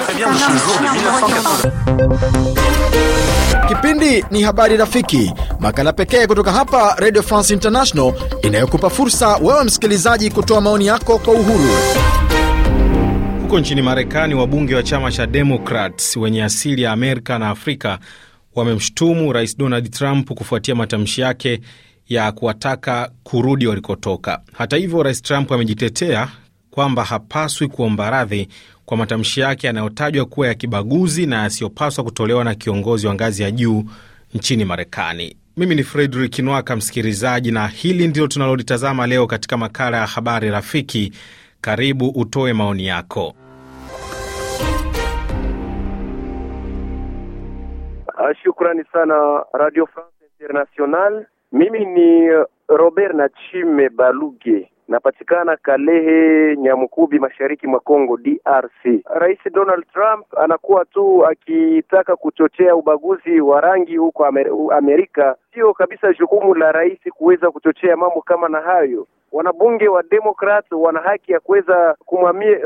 Très bien, Kipindi ni Habari Rafiki, makala pekee kutoka hapa Radio France International inayokupa fursa wewe msikilizaji kutoa maoni yako kwa uhuru. Huko nchini Marekani, wabunge wa chama cha Democrats wenye asili ya Amerika na Afrika wamemshutumu Rais Donald Trump kufuatia matamshi yake ya kuwataka kurudi walikotoka. Hata hivyo, Rais Trump amejitetea kwamba hapaswi kuomba radhi kwa matamshi yake yanayotajwa kuwa ya kibaguzi na yasiyopaswa kutolewa na kiongozi wa ngazi ya juu nchini Marekani. Mimi ni Fredrik Nwaka, msikilizaji, na hili ndilo tunalolitazama leo katika makala ya Habari Rafiki. Karibu utoe maoni yako. Ah, shukrani sana Radio France International. Mimi ni eh, Robert Nachime Baluge napatikana Kalehe Nyamukubi, mashariki mwa Kongo DRC. Rais Donald Trump anakuwa tu akitaka kuchochea ubaguzi wa rangi huko Amerika. Sio kabisa jukumu la rais kuweza kuchochea mambo kama na hayo wanabunge wa Democrat wana haki ya kuweza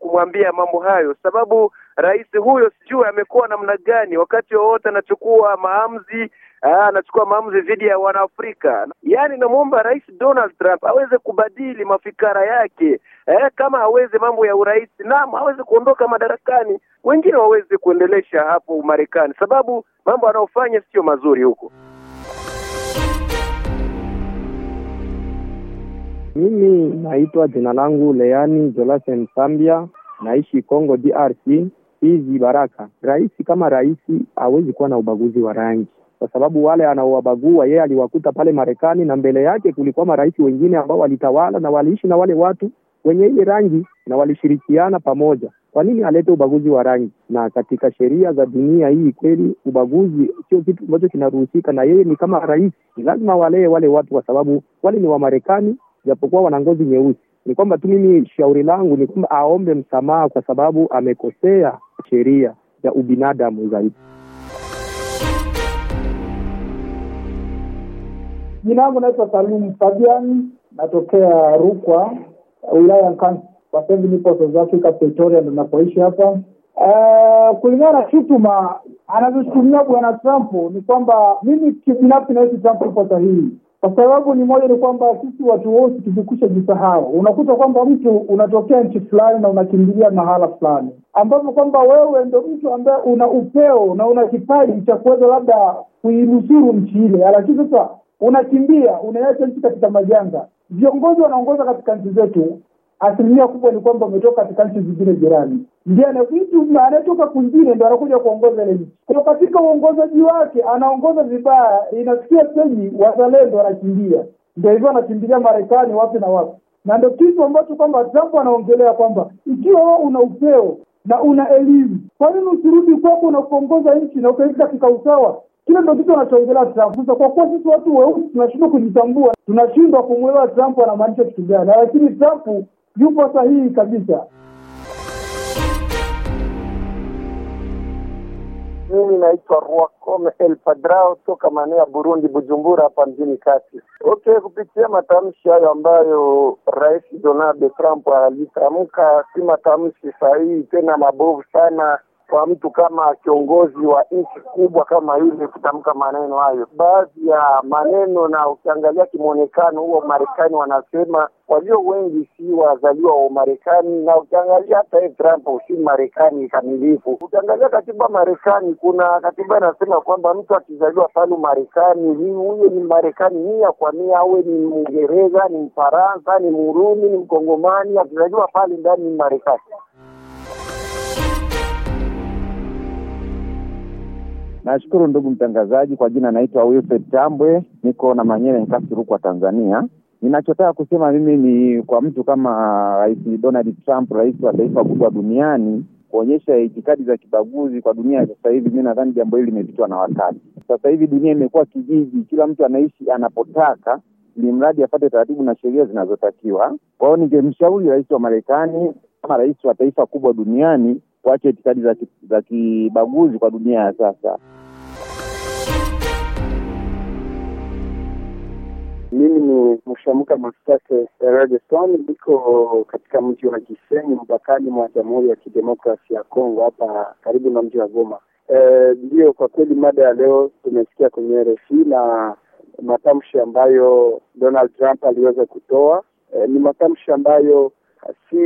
kumwambia mambo hayo, sababu rais huyo sijui amekuwa namna gani, wakati wowote anachukua maamuzi ah, anachukua maamuzi dhidi ya Wanaafrika. Yaani, namwomba Rais Donald Trump aweze kubadili mafikara yake. Eh, kama aweze mambo ya urais, nam aweze kuondoka madarakani, wengine waweze kuendelesha hapo Marekani, sababu mambo anayofanya sio mazuri huko. Mimi naitwa jina langu Leani Jolase Msambia, naishi Kongo DRC hizi Baraka. Rais kama rais hawezi kuwa na ubaguzi wa rangi, kwa sababu wale anaowabagua yeye aliwakuta pale Marekani, na mbele yake kulikuwa marais wengine ambao walitawala na waliishi na wale watu wenye ile rangi na walishirikiana pamoja. Kwa nini alete ubaguzi wa rangi? Na katika sheria za dunia hii kweli ubaguzi sio kitu ambacho kinaruhusika, na yeye ni kama rais, ni lazima walee wale watu, kwa sababu wale ni Wamarekani japokuwa wana ngozi nyeusi. Ni kwamba tu mimi shauri langu ni kwamba aombe msamaha kwa sababu amekosea sheria ya ubinadamu zaidi. Jina langu naitwa Salumu Fabian, natokea Rukwa, wilaya ya Nkasi. Kwa sasa hivi nipo South Africa, Pretoria ndo napoishi hapa. Uh, kulingana na shutuma anazoshutumia bwana Trump ni kwamba mimi kibinafsi nahisi Trump yupo sahihi kwa sababu ni moja ni kwamba sisi watu wote tumekusha jisahau. Unakuta kwamba mtu unatokea nchi fulani na unakimbilia mahala fulani, ambapo kwamba wewe ndo mtu ambaye una upeo na una kipaji cha kuweza labda kuinusuru nchi ile, lakini sasa unakimbia, unaacha nchi katika majanga. Viongozi wanaongoza katika nchi zetu asilimia kubwa ni kwamba umetoka katika nchi zingine jirani, ndiye ana vitu anayetoka kwingine ndo anakuja kuongoza ile nchi. Kwa katika uongozaji wake anaongoza vibaya, inafikia sehemu wazalendo wanakimbia, ndo hivyo anakimbilia Marekani wapi na wapi, na ndo kitu ambacho kwamba Trump anaongelea kwamba ikiwa wewe una upeo na una elimu, kwa nini usirudi kwako na kuongoza nchi na ukaii katika usawa? Kile ndo kitu anachoongelea Trump. Sasa kwa kuwa sisi watu weusi tunashindwa kujitambua, tunashindwa kumwelewa Trump anamaanisha kitu gani, lakini Trump yupo sahihi kabisa. Mimi naitwa Rwakome El Padrao toka maeneo ya Burundi, Bujumbura hapa mjini kati. Okay, kupitia matamshi hayo ambayo Rais Donald Trump alitamka, si matamshi sahihi tena mabovu sana kwa mtu kama kiongozi wa nchi kubwa kama yule kutamka maneno hayo. Baadhi ya maneno na ukiangalia kimwonekano huwa Marekani wanasema walio wengi si wazaliwa wa Marekani, na ukiangalia hata Trump si Marekani kamilifu. Ukiangalia katiba Marekani, kuna katiba inasema kwamba mtu akizaliwa pale Marekani, huyo ni Marekani mia kwa mia, awe ni Mwingereza, ni Mfaransa, ni Murumi, ni Mkongomani, akizaliwa pale ndani ni Marekani. Nashukuru ndugu mtangazaji, kwa jina naitwa Wilfred Tambwe, niko na Manyere Nkasi, Rukwa, Tanzania. Ninachotaka kusema mimi ni kwa mtu kama uh, Rais Donald Trump, rais wa taifa kubwa duniani kuonyesha itikadi za kibaguzi kwa dunia ya sasa hivi, mi nadhani jambo hili limepitwa na wakati. Sasa hivi dunia imekuwa kijiji, kila mtu anaishi anapotaka, ili mradi afate taratibu na sheria zinazotakiwa. Kwa hiyo ningemshauri rais wa Marekani kama rais wa taifa kubwa duniani kuacha itikadi za kibaguzi kwa dunia ya sasa. Mimi ni mshamka Mastate Radison, niko katika mji wa Gisenyi, mpakani mwa Jamhuri ya Kidemokrasia ya Kongo, hapa karibu na mji wa Goma. Ndiyo, e, kwa kweli mada ya leo tumesikia kwenye RFI na matamshi ambayo Donald Trump aliweza kutoa. E, ni matamshi ambayo si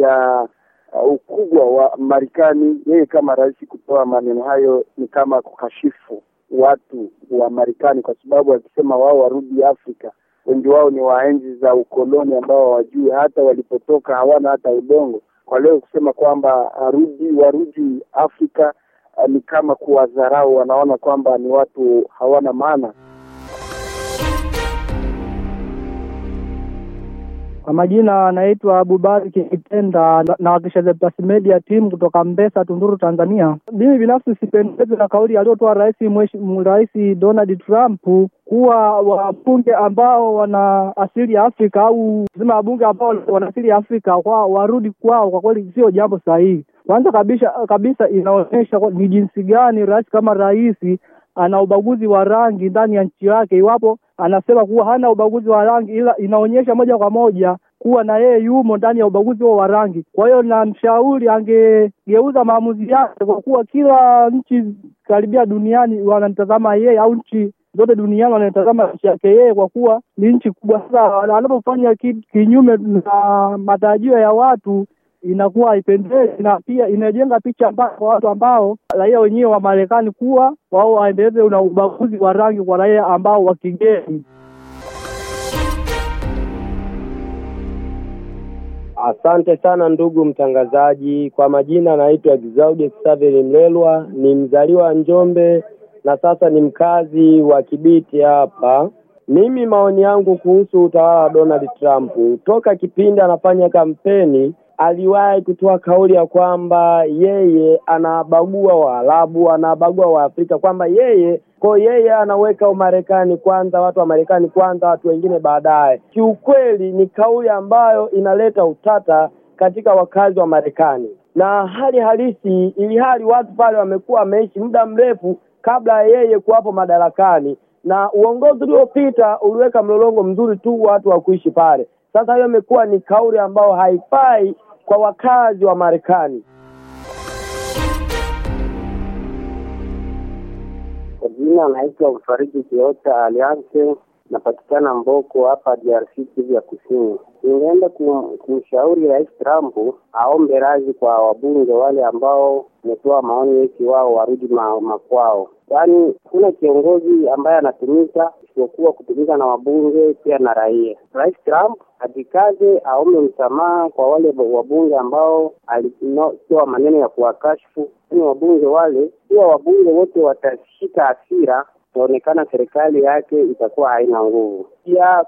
ya uh, ukubwa wa Marekani, yeye kama rais kutoa maneno hayo ni kama kukashifu watu wa Marekani, kwa sababu akisema wao warudi Afrika, wengi wao ni waenzi za ukoloni ambao hawajui hata walipotoka, hawana hata udongo. Kwa leo kusema kwamba arudi warudi Afrika uh, ni kama kuwadharau, wanaona kwamba ni watu hawana maana. Kwa majina anaitwa Abubakar Kitenda, nawakilisha The Plus Media team kutoka Mbesa, Tunduru, Tanzania. Mimi binafsi sipendezwi na kauli aliyotoa Rais Rais Donald Trump kuwa wabunge ambao wana asili ya Afrika au sema wabunge ambao wana asili ya Afrika kwa warudi kwao, kwa kweli sio jambo sahihi. Kwanza kabisa kabisa, inaonyesha ni jinsi gani rais kama rais ana ubaguzi wa rangi ndani ya nchi yake. Iwapo anasema kuwa hana ubaguzi wa rangi, ila inaonyesha moja kwa moja kuwa na yeye yumo ndani ya ubaguzi huo wa rangi. Kwa hiyo namshauri angegeuza maamuzi yake, kwa kuwa kila nchi karibia duniani wanamtazama yeye au nchi zote duniani wanatazama nchi yake yeye, kwa kuwa ni nchi kubwa. Sasa anapofanya kinyume na matarajio ya watu, inakuwa haipendezi na pia inajenga picha mbaya kwa watu ambao raia wenyewe wa Marekani kuwa wao waendeleze na ubaguzi wa rangi kwa raia ambao wa kigeni. Asante sana ndugu mtangazaji. Kwa majina naitwa Exaudius Savili Mlelwa, ni mzaliwa Njombe na sasa ni mkazi wa Kibiti hapa. Mimi maoni yangu kuhusu utawala wa Donald Trump, toka kipindi anafanya kampeni aliwahi kutoa kauli ya kwamba yeye anabagua Waarabu, anabagua Waafrika, kwamba yeye kwa yeye anaweka Umarekani kwanza, watu wa Marekani kwanza, watu wengine baadaye. Kiukweli ni kauli ambayo inaleta utata katika wakazi wa Marekani na hali halisi, ili hali watu pale wamekuwa wameishi muda mrefu kabla ya yeye kuwapo madarakani, na uongozi uliopita uliweka mlolongo mzuri tu watu wa kuishi pale. Sasa hiyo imekuwa ni kauli ambayo haifai kwa wakazi wa Marekani. Kwa jina anaitwa Mfariji Kiota Alianse napatikana Mboko hapa DRC, Kivu ya Kusini. Ningeenda kumshauri Rais Trump aombe radhi kwa wabunge wale ambao wametoa maoni yeki, wao warudi ma, makwao, kwani hakuna kiongozi ambaye anatumika isipokuwa kutumika na wabunge pia na raia. Rais Trump ajikaze, aombe msamaha kwa wale wabunge ambao alitoa maneno ya kuwakashfu, ni wabunge wale, ikiwa wabunge wote watashika asira itaonekana serikali yake itakuwa haina nguvu. Pia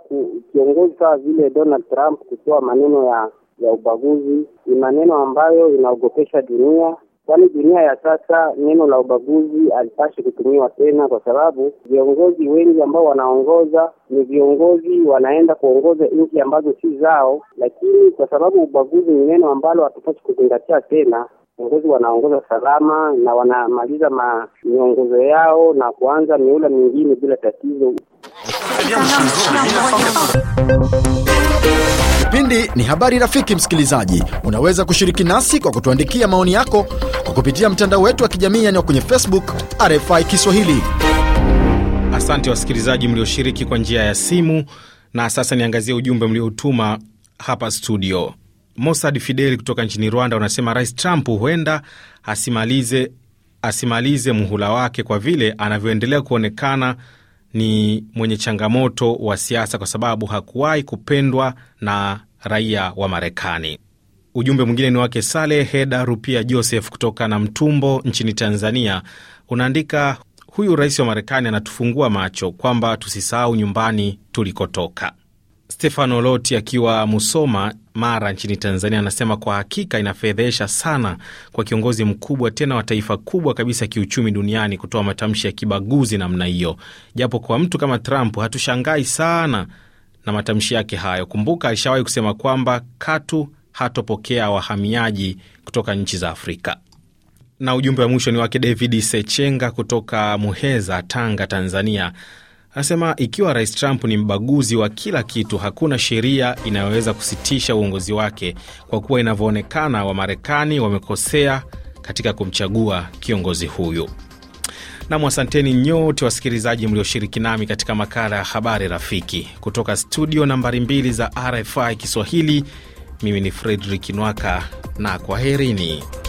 kiongozi kama vile Donald Trump kutoa maneno ya ya ubaguzi ni maneno ambayo inaogopesha dunia, kwani dunia ya sasa neno la ubaguzi alipashi kutumiwa tena, kwa sababu viongozi wengi ambao wanaongoza ni viongozi wanaenda kuongoza nchi ambazo si zao, lakini kwa sababu ubaguzi ni neno ambalo hatupashi kuzingatia tena viongozi wanaongoza salama na wanamaliza miongozo yao na kuanza miula mingine bila tatizo. Kipindi ni habari. Rafiki msikilizaji, unaweza kushiriki nasi kwa kutuandikia maoni yako kwa kupitia mtandao wetu wa kijamii yani kwenye Facebook RFI Kiswahili. Asante wasikilizaji mlioshiriki kwa njia ya simu, na sasa niangazie ujumbe mlioutuma hapa studio mosad fideli kutoka nchini Rwanda wanasema Rais Trump huenda asimalize, asimalize muhula wake kwa vile anavyoendelea kuonekana ni mwenye changamoto wa siasa kwa sababu hakuwahi kupendwa na raia wa Marekani. Ujumbe mwingine ni wake Saleh Heda Rupia Joseph kutoka na mtumbo nchini Tanzania, unaandika huyu rais wa Marekani anatufungua macho kwamba tusisahau nyumbani tulikotoka. Stefano Loti akiwa Musoma, Mara nchini Tanzania, anasema kwa hakika inafedhesha sana kwa kiongozi mkubwa tena wa taifa kubwa kabisa kiuchumi duniani kutoa matamshi ya kibaguzi namna hiyo, japo kwa mtu kama Trump hatushangai sana na matamshi yake hayo. Kumbuka alishawahi kusema kwamba katu hatopokea wahamiaji kutoka nchi za Afrika. Na ujumbe wa mwisho ni wake David Sechenga kutoka Muheza, Tanga, Tanzania Anasema ikiwa Rais Trump ni mbaguzi wa kila kitu, hakuna sheria inayoweza kusitisha uongozi wake, kwa kuwa inavyoonekana Wamarekani wamekosea katika kumchagua kiongozi huyu. Nam, asanteni nyote wasikilizaji mlioshiriki nami katika makala ya habari rafiki kutoka studio nambari mbili za RFI Kiswahili. Mimi ni Fredrik Nwaka na kwaherini.